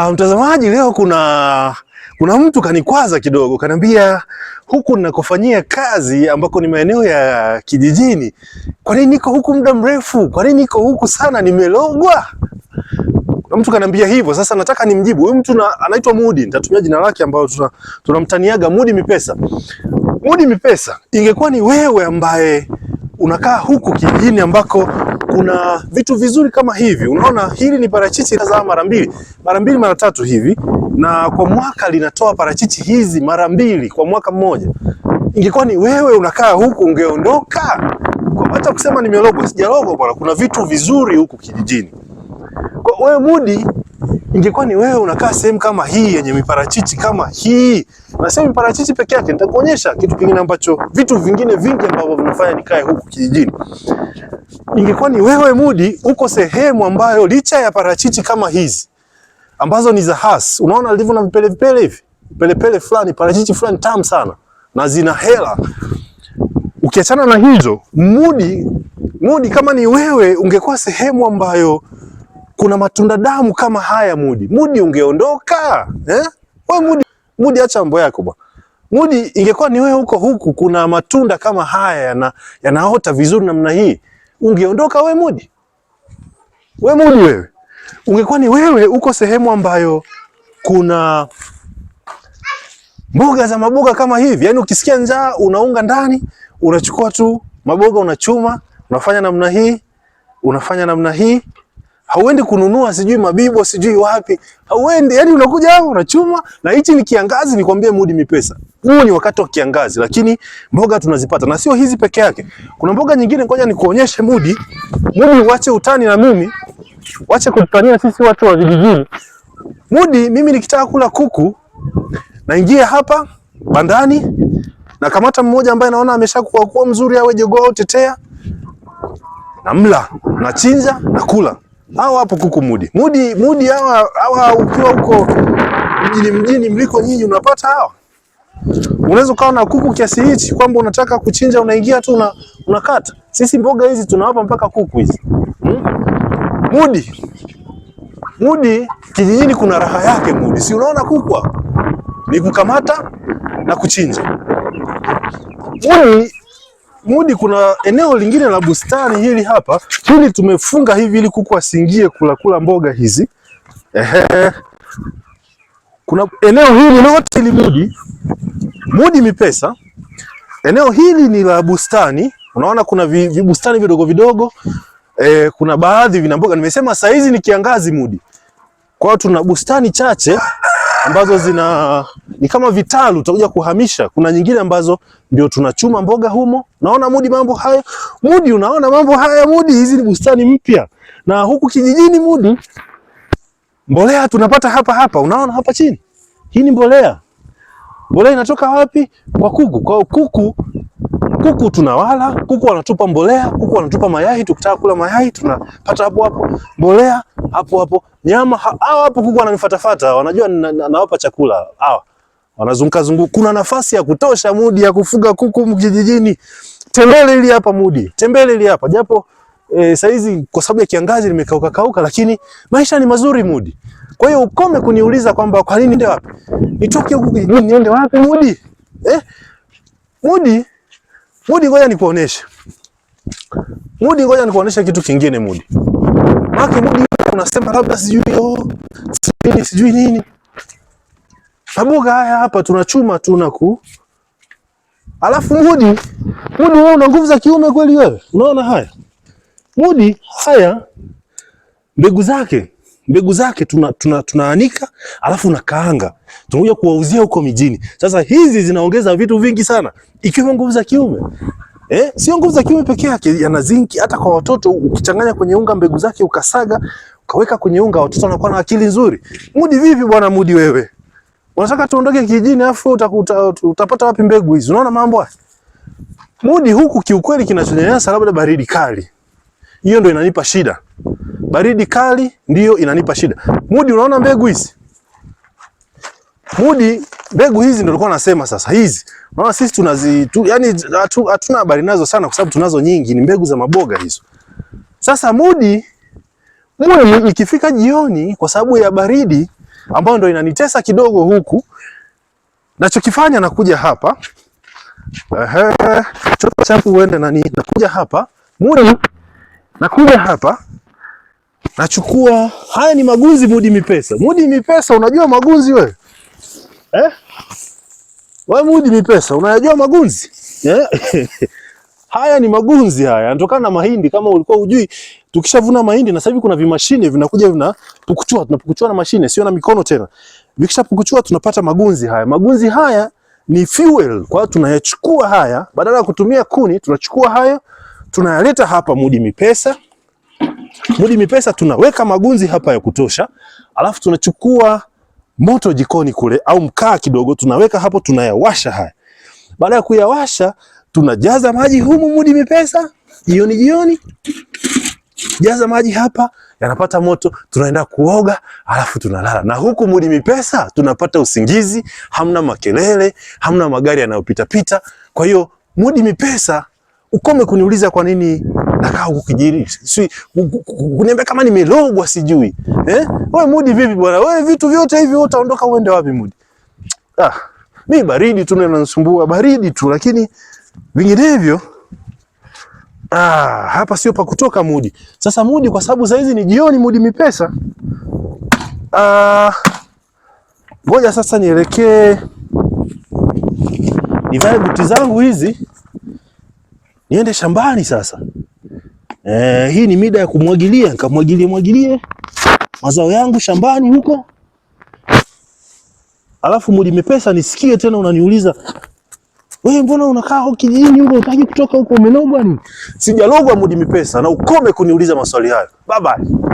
Ah, mtazamaji, leo kuna kuna mtu kanikwaza kidogo, kaniambia huku ninakofanyia kazi ambako ni maeneo ya kijijini, kwa nini niko huku muda mrefu? Kwa nini niko huku sana? Nimelogwa? Kuna mtu kaniambia hivyo. Sasa nataka nimjibu huyu mtu, anaitwa Mudi, nitatumia jina lake ambalo tunamtaniaga tuna Mudi Mipesa. Mudi Mipesa, ingekuwa ni wewe ambaye unakaa huku kijijini ambako kuna vitu vizuri kama hivi. Unaona, hili ni parachichi za mara mbili mara mbili mara tatu hivi, na kwa mwaka linatoa parachichi hizi mara mbili kwa mwaka mmoja. Ingekuwa ni wewe unakaa huku, ungeondoka kwa hata kusema nimelogwa. Sijalogwa bwana, kuna vitu vizuri huku kijijini. Kwa wewe Mudi, ingekuwa ni wewe unakaa sehemu kama hii yenye miparachichi kama hii Nasema miparachichi peke yake, nitakuonyesha kitu kingine ambacho, vitu vingine vingi ambavyo vinafanya nikae huku kijijini. Ingekuwa ni wewe Mudi, uko sehemu ambayo licha ya parachichi kama hizi ambazo ni za has, unaona alivyo na vipele vipele hivi, vipele pele fulani, parachichi fulani tamu sana na zina hela. Ukiachana na hizo, Mudi Mudi, kama ni wewe ungekuwa sehemu ambayo kuna matunda damu kama haya Mudi, Mudi ungeondoka eh? wewe Mudi Mudi, acha mambo yako bwana. Mudi, ingekuwa ni wewe huko huku kuna matunda kama haya yana yanaota vizuri namna hii, ungeondoka wewe Mudi? Wewe Mudi, wewe ungekuwa ni wewe huko sehemu ambayo kuna mboga za maboga kama hivi, yaani ukisikia njaa unaunga ndani, unachukua tu maboga, unachuma, unafanya namna hii, unafanya namna hii hauendi kununua sijui mabibo sijui wapi, hauendi yani, unakuja hapo ah, unachuma. Na hichi ni kiangazi, nikwambie mudi mipesa, huu ni wakati wa kiangazi, lakini mboga tunazipata na sio hizi peke yake, kuna mboga nyingine. Ngoja nikuonyeshe mudi, mudi uache utani na mimi, wache kutania sisi watu wa vijijini. Mudi, mimi nikitaka kula kuku naingia hapa bandani na kamata mmoja ambaye naona ameshakuwa kuwa mzuri, awe jogoo au tetea, namla, nachinja, nakula hao hapo kuku mudi mudi mudi hawa hawa, ukiwa huko mjini mjini mliko nyinyi, unapata hawa. Unaweza ukawa na kuku kiasi hichi kwamba unataka kuchinja, unaingia tu una, unakata. Sisi mboga hizi tunawapa mpaka kuku hizi hmm? mudi mudi kijijini kuna raha yake. Mudi si unaona kukwa ni kukamata na kuchinja mudi Mudi, kuna eneo lingine la bustani hili hapa, hili tumefunga hivi ili kuku asingie kula kula mboga hizi. Ehe. Kuna eneo hili lote li Mudi. Mudi Mipesa. Eneo hili ni la bustani. Unaona kuna vibustani vidogo vidogo. E, kuna baadhi vina mboga. Nimesema saizi ni kiangazi Mudi. Kwa hiyo tuna bustani chache ambazo zina ni kama vitalu tutakuja kuhamisha. Kuna nyingine ambazo ndio tunachuma mboga humo. Naona Mudi, mambo haya Mudi, unaona mambo haya Mudi, hizi ni bustani mpya, na huku kijijini Mudi, mbolea tunapata hapa hapa. Unaona hapa chini, hii ni mbolea. Mbolea inatoka wapi? Kwa kuku. Kwa kuku kuku tunawala, kuku wanatupa mbolea, kuku wanatupa mayai. Tukitaka kula mayai tunapata hapo hapo mbolea hapo hapo, nyama hawa hapo. Kuku wananifatafata, wanajua nawapa chakula hawa, wanazunguka zunguka. Kuna nafasi ya kutosha Mudi ya kufuga kuku mkijijini, Tembele ili hapa Mudi, tembele ili hapa japo e, saizi kwa sababu ya kiangazi nimekauka kauka, lakini maisha ni mazuri Mudi. Kwa hiyo ukome kuniuliza kwamba kwa nini niende wapi, nitoke huku niende wapi Mudi eh? Mudi Mudi, ngoja nikuoneshe. Mudi, ngoja nikuoneshe kitu kingine Mudi. Maki Mudi, unasema labda sijui yo, oh, sijui sijui nini. Sabuga haya hapa tunachuma tuna ku. Alafu Mudi, Mudi wewe una nguvu za kiume kweli wewe? Unaona haya? Mudi haya mbegu zake mbegu zake tunaanika tuna, tuna, alafu nakaanga tunakuja kuwauzia huko mijini. Sasa hizi zinaongeza vitu vingi sana ikiwemo nguvu za kiume. Eh, sio nguvu za kiume peke yake, yana zinki hata kwa watoto. Ukichanganya kwenye unga mbegu zake ukasaga ukaweka kwenye unga, watoto wanakuwa na akili nzuri. Mudi vipi bwana Mudi, wewe unataka tuondoke kijijini afu utakuta, utapata wapi mbegu hizi? Unaona mambo haya Mudi, huku kiukweli kinachonyanyasa labda baridi kali hiyo ndio inanipa shida. Baridi kali ndiyo inanipa shida. Mudi, unaona mbegu hizi Mudi, mbegu hizi ndio nilikuwa nasema sasa hizi. Unaona sisi tunazi tu, yani hatuna habari nazo sana kwa sababu tunazo nyingi, ni mbegu za maboga hizo. Sasa Mudi, Mudi ikifika jioni kwa sababu ya baridi ambayo ndio inanitesa kidogo huku, nachokifanya nakuja hapa. Ehe, choto changu uende nani, nakuja hapa Mudi nakuja hapa nachukua haya ni magunzi mudi mipesa, mudi mipesa. Unajua magunzi wewe eh? Wewe mudi mipesa unayajua magunzi eh? haya ni magunzi, haya yanatokana na mahindi. Kama ulikuwa ujui, tukishavuna mahindi na sasa hivi kuna vimashine vinakuja vinapukuchua, tunapukuchua na mashine, sio na mikono tena. Vikishapukuchua tunapata magunzi haya. Magunzi haya ni fuel, kwa hiyo tunayachukua haya badala ya kutumia kuni, tunachukua haya tunayaleta hapa mudi mipesa. Mudi mipesa tunaweka magunzi hapa ya kutosha, alafu tunachukua moto jikoni kule au mkaa kidogo tunaweka hapo, tunayawasha haya. Baada ya kuyawasha, tunajaza maji humu mudi mipesa, jioni jioni, jaza maji hapa, yanapata moto, tunaenda kuoga alafu tunalala. Na huku mudi mipesa tunapata usingizi, hamna makelele, hamna magari yanayopita pita. Kwa hiyo mudi mipesa ukome kuniuliza kwa nini nakaa huku kijiri, si kuniambia kama nimelogwa sijui. Eh, wewe Mudi vipi bwana? Wewe vitu vyote hivi utaondoka uende wapi Mudi? Ah, mimi baridi tu inanisumbua, baridi tu, lakini vinginevyo ah, hapa sio pa kutoka Mudi. Sasa Mudi, kwa sababu saizi ni jioni Mudi mipesa ah, ngoja sasa nielekee nivae buti zangu hizi niende shambani sasa. Eh, hii ni mida ya kumwagilia, nikamwagilie mwagilie mazao yangu shambani huko, alafu mudi mepesa nisikie tena unaniuliza wewe, mbona unakaa huko kijijini huko, utaki kutoka huko, umelogwa ni? Sijalogwa mudi mepesa, na ukome kuniuliza maswali hayo. Bye bye.